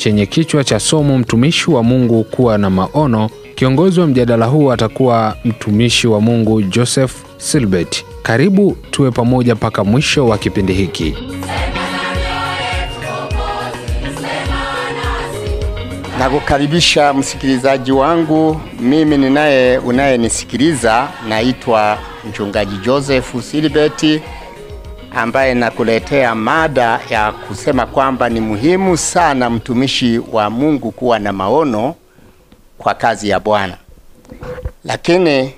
chenye kichwa cha somo mtumishi wa Mungu kuwa na maono. Kiongozi wa mjadala huu atakuwa mtumishi wa Mungu Joseph Silbert. Karibu tuwe pamoja mpaka mwisho wa kipindi hiki. Nakukaribisha msikilizaji wangu, mimi ninaye unayenisikiliza, naitwa mchungaji Joseph Silbert ambaye nakuletea mada ya kusema kwamba ni muhimu sana mtumishi wa Mungu kuwa na maono kwa kazi ya Bwana. Lakini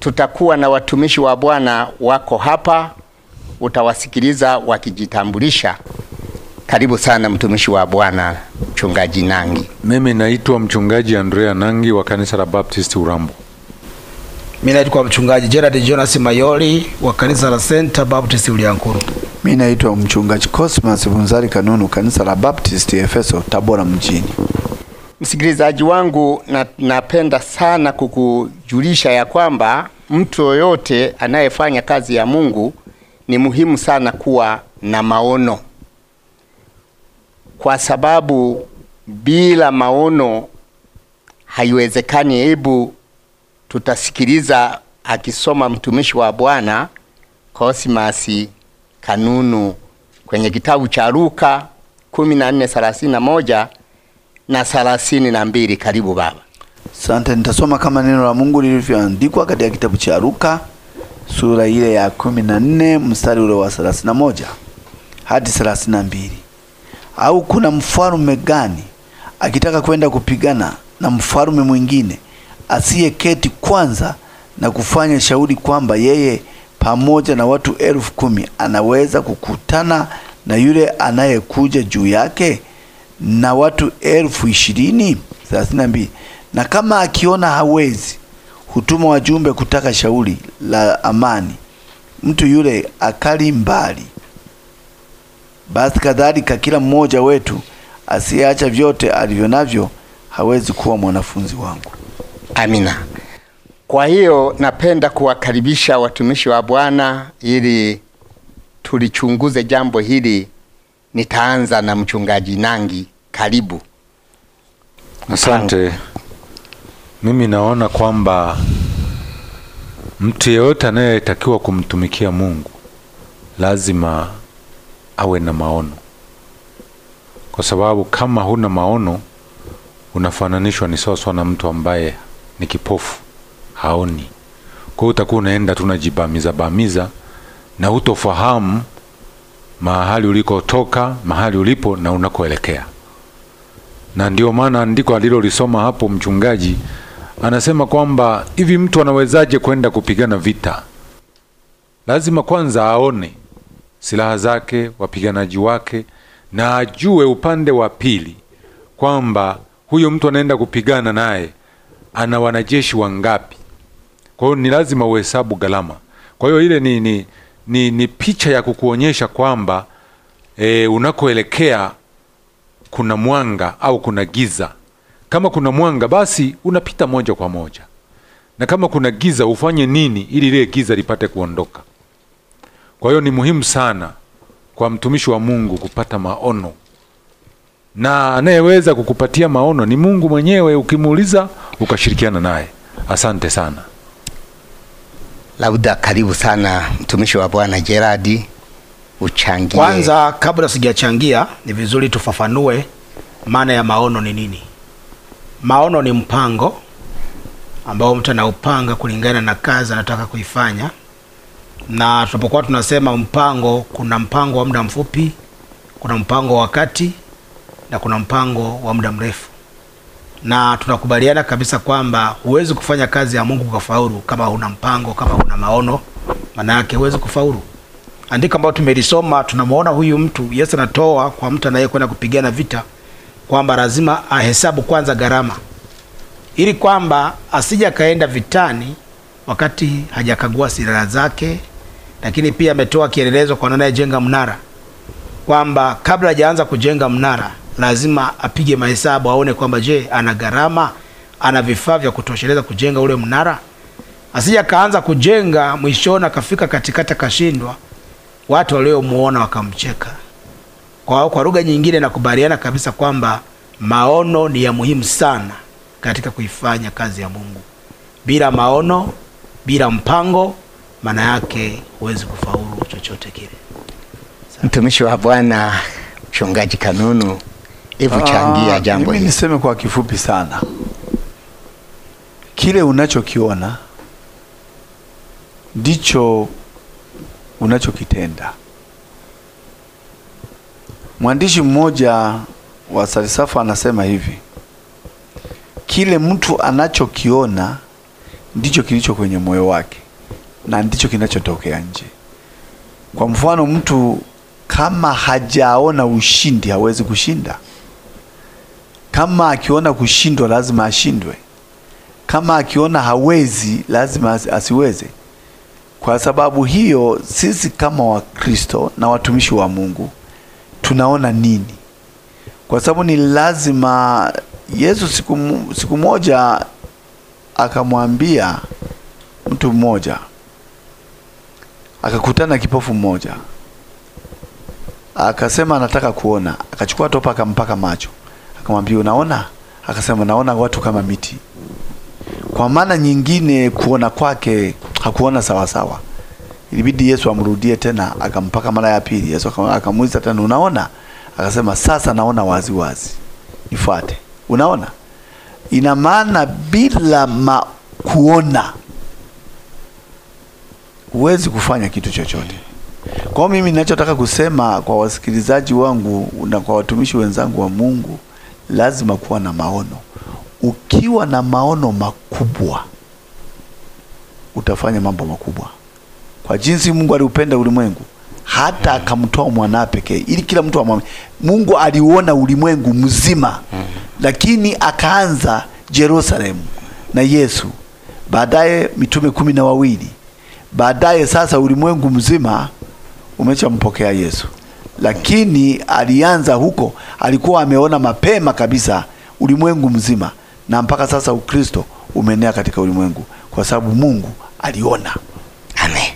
tutakuwa na watumishi wa Bwana wako hapa, utawasikiliza wakijitambulisha. Karibu sana mtumishi wa Bwana, mchungaji Nangi. Mimi naitwa mchungaji Andrea Nangi wa kanisa la Baptist Urambo. Mimi naitwa mchungaji Gerard Jonas Mayoli wa kanisa la Center Baptist Uliankuru. Mimi naitwa mchungaji Cosmas bunzari Kanunu, kanisa la Baptist Efeso, Tabora mjini. Msikilizaji wangu na, napenda sana kukujulisha ya kwamba mtu yoyote anayefanya kazi ya Mungu ni muhimu sana kuwa na maono, kwa sababu bila maono haiwezekani. Hebu tutasikiliza akisoma mtumishi wa Bwana Cosmas Kanunu kwenye kitabu cha Luka 14:31 na 32. Karibu baba. Asante, nitasoma kama neno la Mungu lilivyoandikwa katika kitabu cha Luka sura ile ya 14 mstari ule wa 31 hadi 32. Au kuna mfalme gani akitaka kwenda kupigana na mfalme mwingine asiyeketi kwanza na kufanya shauri kwamba yeye pamoja na watu elfu kumi anaweza kukutana na yule anayekuja juu yake na watu elfu ishirini thelathini na mbili na kama akiona hawezi, hutuma wajumbe kutaka shauri la amani, mtu yule akali mbali. Basi kadhalika kila mmoja wetu asiyeacha vyote alivyo navyo hawezi kuwa mwanafunzi wangu. Amina. Kwa hiyo napenda kuwakaribisha watumishi wa Bwana ili tulichunguze jambo hili. Nitaanza na mchungaji Nangi, karibu. Asante. Mimi naona kwamba mtu yeyote anayetakiwa kumtumikia Mungu lazima awe na maono, kwa sababu kama huna maono unafananishwa ni sawasawa na mtu ambaye ni kipofu, haoni. Kwa hiyo utakuwa unaenda tu unajibamiza bamiza na hutofahamu mahali ulikotoka, mahali ulipo na unakoelekea. Na ndio maana andiko alilolisoma hapo mchungaji anasema kwamba hivi mtu anawezaje kwenda kupigana vita? Lazima kwanza aone silaha zake, wapiganaji wake, na ajue upande wa pili kwamba huyo mtu anaenda kupigana naye ana wanajeshi wangapi. Kwa hiyo ni lazima uhesabu gharama. Kwa hiyo ile ni, ni, ni, ni picha ya kukuonyesha kwamba e, unakoelekea kuna mwanga au kuna giza. Kama kuna mwanga, basi unapita moja kwa moja, na kama kuna giza, ufanye nini ili ile giza lipate kuondoka. Kwa hiyo ni muhimu sana kwa mtumishi wa Mungu kupata maono, na anayeweza kukupatia maono ni Mungu mwenyewe. Ukimuuliza ukashirikiana naye. Asante sana. labda karibu sana mtumishi wa Bwana Gerard, uchangie kwanza. Kabla sijachangia, ni vizuri tufafanue maana ya maono ni nini. Maono ni mpango ambao mtu anaupanga kulingana na kazi anataka kuifanya, na tunapokuwa tunasema mpango, kuna mpango wa muda mfupi, kuna mpango wa wakati na kuna mpango wa muda mrefu na tunakubaliana kabisa kwamba huwezi kufanya kazi ya Mungu ukafaulu kama una mpango, kama una maono, maana yake huwezi kufaulu. Andiko ambalo tumelisoma tunamwona huyu mtu Yesu anatoa kwa mtu anayekwenda kupigana vita kwamba lazima ahesabu kwanza gharama, ili kwamba asija kaenda vitani wakati hajakagua silaha zake. Lakini pia ametoa kielelezo kwa anayejenga mnara kwamba kabla hajaanza kujenga mnara lazima apige mahesabu aone kwamba je, ana gharama, ana vifaa vya kutosheleza kujenga ule mnara, asija kaanza kujenga mwishoni akafika katikati akashindwa, watu waliomuona wakamcheka. Kwa, kwa lugha nyingine nakubaliana kabisa kwamba maono ni ya muhimu sana katika kuifanya kazi ya Mungu. Bila maono, bila mpango, maana yake huwezi kufaulu chochote kile. Mtumishi wa Bwana Mchungaji Kanunu hebu changia ah, jambo hili. Niseme kwa kifupi sana, kile unachokiona ndicho unachokitenda. Mwandishi mmoja wa falsafa anasema hivi, kile mtu anachokiona ndicho kilicho kwenye moyo wake na ndicho kinachotokea nje. Kwa mfano, mtu kama hajaona ushindi hawezi kushinda. Kama akiona kushindwa, lazima ashindwe. Kama akiona hawezi, lazima asiweze. Kwa sababu hiyo, sisi kama Wakristo na watumishi wa Mungu tunaona nini? Kwa sababu ni lazima Yesu siku, siku moja akamwambia mtu mmoja, akakutana kipofu mmoja, akasema anataka kuona, akachukua topa akampaka macho. Akamwambia, unaona? Akasema, naona watu kama miti. Kwa maana nyingine, kuona kwake hakuona sawasawa. Ilibidi Yesu amrudie tena, akampaka mara ya pili. Yesu akamuuliza tena, unaona? Akasema, sasa naona wazi wazi, nifuate. Unaona, ina maana bila ma kuona huwezi kufanya kitu chochote. Kwa mimi ninachotaka kusema kwa wasikilizaji wangu na kwa watumishi wenzangu wa Mungu lazima kuwa na maono. Ukiwa na maono makubwa, utafanya mambo makubwa, kwa jinsi Mungu aliupenda ulimwengu hata mm. akamtoa mwana pekee ili kila mtu amwamini. Mungu aliuona ulimwengu mzima, mm. lakini akaanza Yerusalemu na Yesu, baadaye mitume kumi na wawili, baadaye sasa ulimwengu mzima umechampokea Yesu lakini alianza huko, alikuwa ameona mapema kabisa ulimwengu mzima, na mpaka sasa Ukristo umeenea katika ulimwengu kwa sababu Mungu aliona. Amen.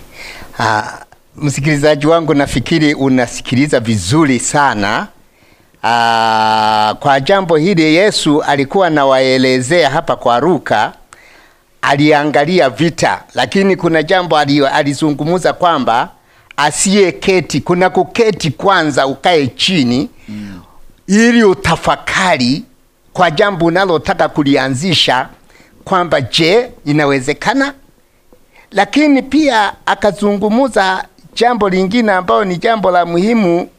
Ah, msikilizaji wangu, nafikiri unasikiliza vizuri sana. Aa, ah, kwa jambo hili Yesu alikuwa anawaelezea hapa kwa Luka, aliangalia vita, lakini kuna jambo alizungumuza kwamba asiyeketi. Kuna kuketi kwanza, ukae chini mm. ili utafakari kwa jambo unalotaka kulianzisha kwamba je, inawezekana? Lakini pia akazungumuza jambo lingine ambayo ni jambo la muhimu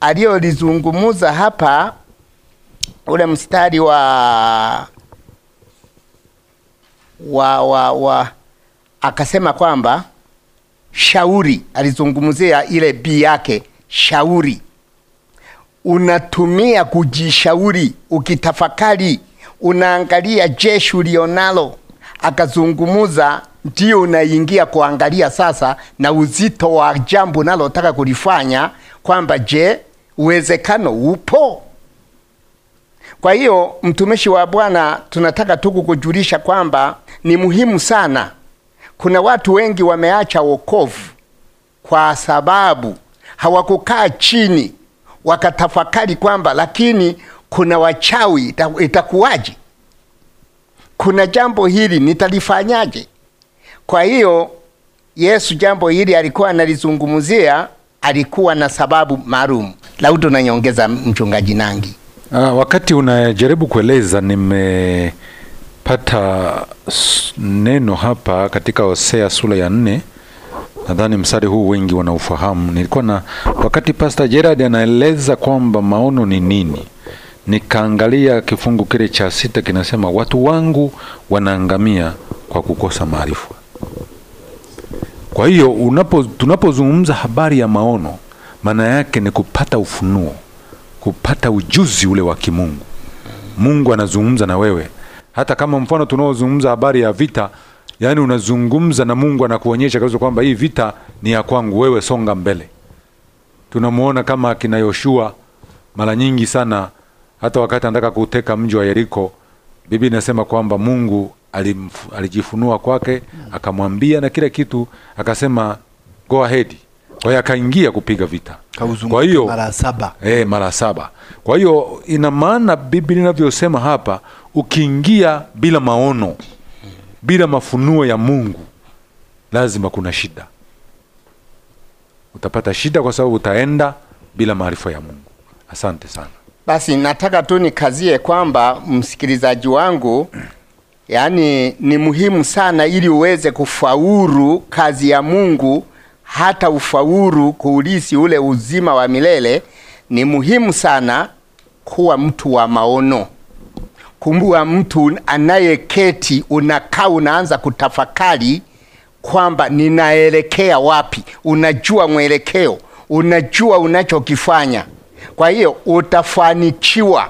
aliyolizungumuza hapa, ule mstari wa wa wa, wa akasema kwamba shauri, alizungumzia ile bi yake shauri. Unatumia kujishauri, ukitafakari, unaangalia jeshi ulionalo, akazungumuza ndio unaingia kuangalia sasa na uzito wa jambo unalotaka kulifanya, kwamba je, uwezekano upo? Kwa hiyo mtumishi wa Bwana, tunataka tu kukujulisha kwamba ni muhimu sana kuna watu wengi wameacha wokovu kwa sababu hawakukaa chini wakatafakari kwamba lakini kuna wachawi itakuwaje? Kuna jambo hili nitalifanyaje? Kwa hiyo Yesu jambo hili alikuwa analizungumzia, alikuwa na sababu maalum. Laudo nanyongeza mchungaji Nangi. Ah, wakati unajaribu kueleza nime pata neno hapa katika Hosea sura ya nne. Nadhani msari huu wengi wanaufahamu. Nilikuwa na wakati Pastor Gerard anaeleza kwamba maono ni nini, nikaangalia kifungu kile cha sita kinasema, watu wangu wanaangamia kwa kukosa maarifa. Kwa hiyo unapo tunapozungumza habari ya maono, maana yake ni kupata ufunuo, kupata ujuzi ule wa kimungu. Mungu anazungumza na wewe hata kama mfano tunaozungumza habari ya vita, yani unazungumza na Mungu anakuonyesha kabisa kwamba hii vita ni ya kwangu, wewe songa mbele. Tunamuona kama akina Yoshua mara nyingi sana, hata wakati anataka kuteka mji wa Yeriko, bibi inasema kwamba Mungu alijifunua kwake akamwambia na kila kitu, akasema go ahead. Kwa hiyo akaingia kupiga vita, kwa hiyo mara saba, eh, mara saba. Kwa hiyo ina maana Biblia inavyosema hapa, ukiingia bila maono, bila mafunuo ya Mungu, lazima kuna shida. Utapata shida kwa sababu utaenda bila maarifa ya Mungu. Asante sana. Basi nataka tu nikazie kwamba msikilizaji wangu, yaani ni muhimu sana ili uweze kufaulu kazi ya Mungu, hata ufaulu kuulisi ule uzima wa milele ni muhimu sana kuwa mtu wa maono. Kumbua mtu anayeketi, unakaa unaanza kutafakari kwamba ninaelekea wapi. Unajua mwelekeo, unajua unachokifanya. Kwa hiyo utafanikiwa,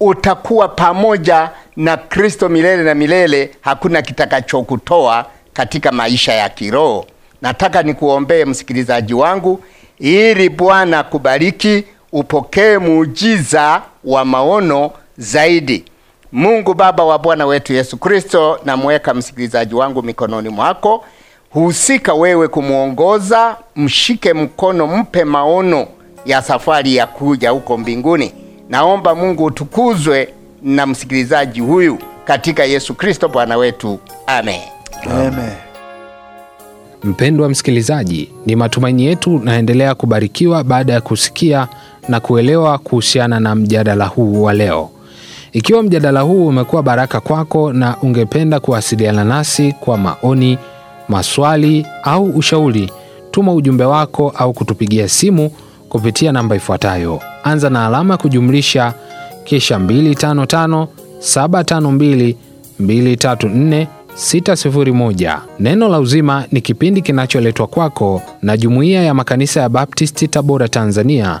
utakuwa pamoja na Kristo milele na milele. Hakuna kitakachokutoa katika maisha ya kiroho. Nataka nikuombee msikilizaji wangu, ili Bwana kubariki upokee muujiza wa maono zaidi. Mungu Baba wa Bwana wetu Yesu Kristo, namweka msikilizaji wangu mikononi mwako. Husika wewe kumwongoza, mshike mkono, mpe maono ya safari ya kuja huko mbinguni. Naomba Mungu utukuzwe na msikilizaji huyu katika Yesu Kristo Bwana wetu. Amen. Amen. Mpendwa msikilizaji, ni matumaini yetu naendelea kubarikiwa baada ya kusikia na kuelewa kuhusiana na mjadala huu wa leo. Ikiwa mjadala huu umekuwa baraka kwako na ungependa kuwasiliana nasi kwa maoni, maswali au ushauri, tuma ujumbe wako au kutupigia simu kupitia namba ifuatayo: anza na alama ya kujumlisha kisha 255 Neno la Uzima ni kipindi kinacholetwa kwako na Jumuiya ya Makanisa ya Baptisti Tabora, Tanzania